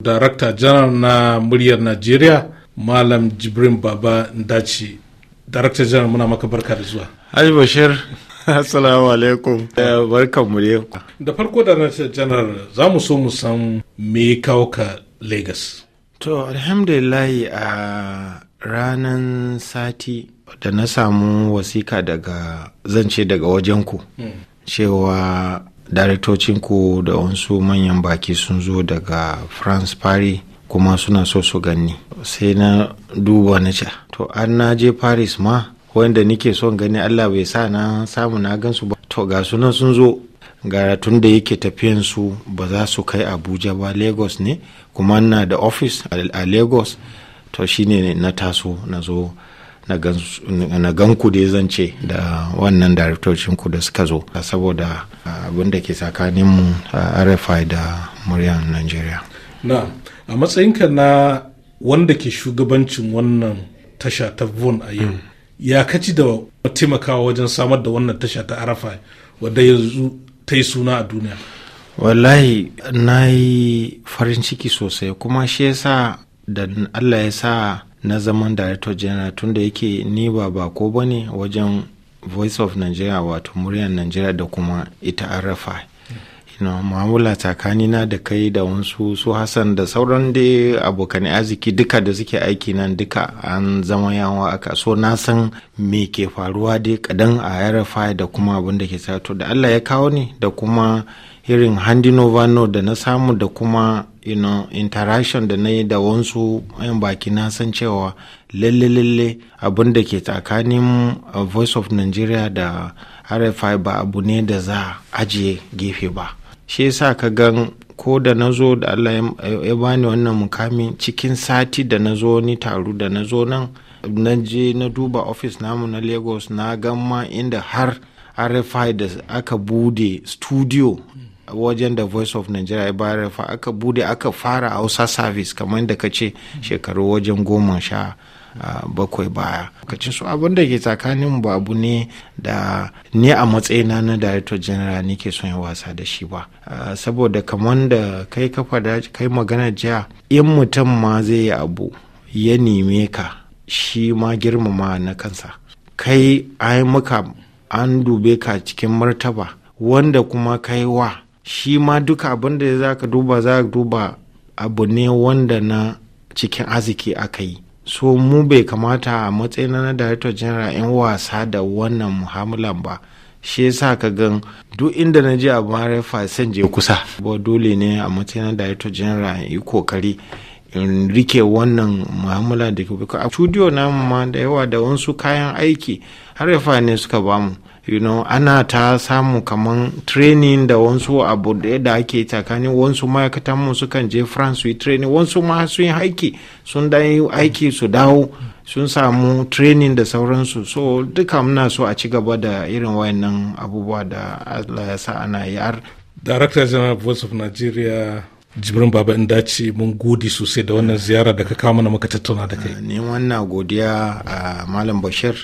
Director janar na muryar Najeriya Malam Jibrin Baba Ndachi. Director janar muna maka barka da zuwa. Haji Bashir, Assalamu alaikum. Eh, barkan mu dai. Da farko Darakta janar za mu so mu san me kawo ka Lagos. To, alhamdulillahi a ranar sati da na samu wasika daga zance daga wajen ku. Hmm. Cewa daraktocinku da wasu manyan baki sun zo daga france paris kuma suna so su gani sai na duba na ce to an na je paris ma wanda nike son gani allah bai sa na samu na gansu ba to ga sunan sun zo gara tun da yake tafiyan su ba za su kai abuja ba lagos ne kuma na da office a lagos to shine na taso na zo na ku dai zan ce da wannan ku da suka zo saboda ah, abin da ke tsakaninmu ah, rfi da muryan nigeria na a matsayinka na wanda ke shugabancin wannan tasha ta von a yau mm. ya kaci da taimakawa wajen samar da wannan tasha ta rfi wadda yanzu ta yi suna a duniya wallahi na yi farin ciki sosai kuma shi yasa da allah ya sa na zaman director general da yake ni ba bako ba ne wajen voice of nigeria wato muryar nigeria da kuma ita arafa you mu'amala tsakanina da kai da wasu su hassan da sauran da abokan arziki duka da suke aiki nan duka an zama yawa aka so na san me ke faruwa dai kadan a rfi da kuma abin da ke sato da allah ya kawo ni da kuma irin handi novano da na samu da kuma you know, interaction da na yi da wansu yan baki na san cewa lalle-lalle abin da ke tsakanin uh, voice of nigeria da rfi ba abu ne da za a ajiye gefe ba shi yasa ka gan ko da na zo da allah ya bani wannan mukami cikin sati da na zo ni taro da na zo nan na je na duba ofis namu na lagos na ma inda har rfi da aka bude studio wajen da voice of nigeria ya bayar fa aka bude aka fara hausa service kamar da ka ce shekaru wajen goma sha ah, bakwai baya lokacin su abin da ke tsakanin ba abu ne da ni a matsayina na director general ni ke son wasa da shi ba ah, saboda kamar da kai kafa da kai magana jiya in mutum ma zai yi abu ya neme ka shi ma girmama na kansa kai ai muka an dube ka cikin martaba wanda kuma kai wa shi ma duka abin da za ka duba za ka duba abu ne wanda na cikin arziki aka yi so mu bai kamata a matsayin na director general 'yan wasa da wannan muhammalan ba shi yasa ka gan duk inda na ji abu harafa san je kusa ba dole ne a matsayin na director general in yi kokari in rike wannan muhammala da ke a studio na ma da yawa da wasu kayan aiki har ya ne suka bamu you know, ana ta samu kaman training da wansu abu da ake tsakanin wasu ma'aikatan mu sukan je france suyi yi training wansu ma sun yi aiki sun da aiki su dawo sun samu training da sauransu so duka muna so a ci gaba da irin wayannan abubuwa da allah ya sa ana yi har director general voice of nigeria jibrin baba in dace mun gode sosai da wannan ziyara da ka kawo mana muka tattauna da kai ne wannan godiya a ah, malam bashir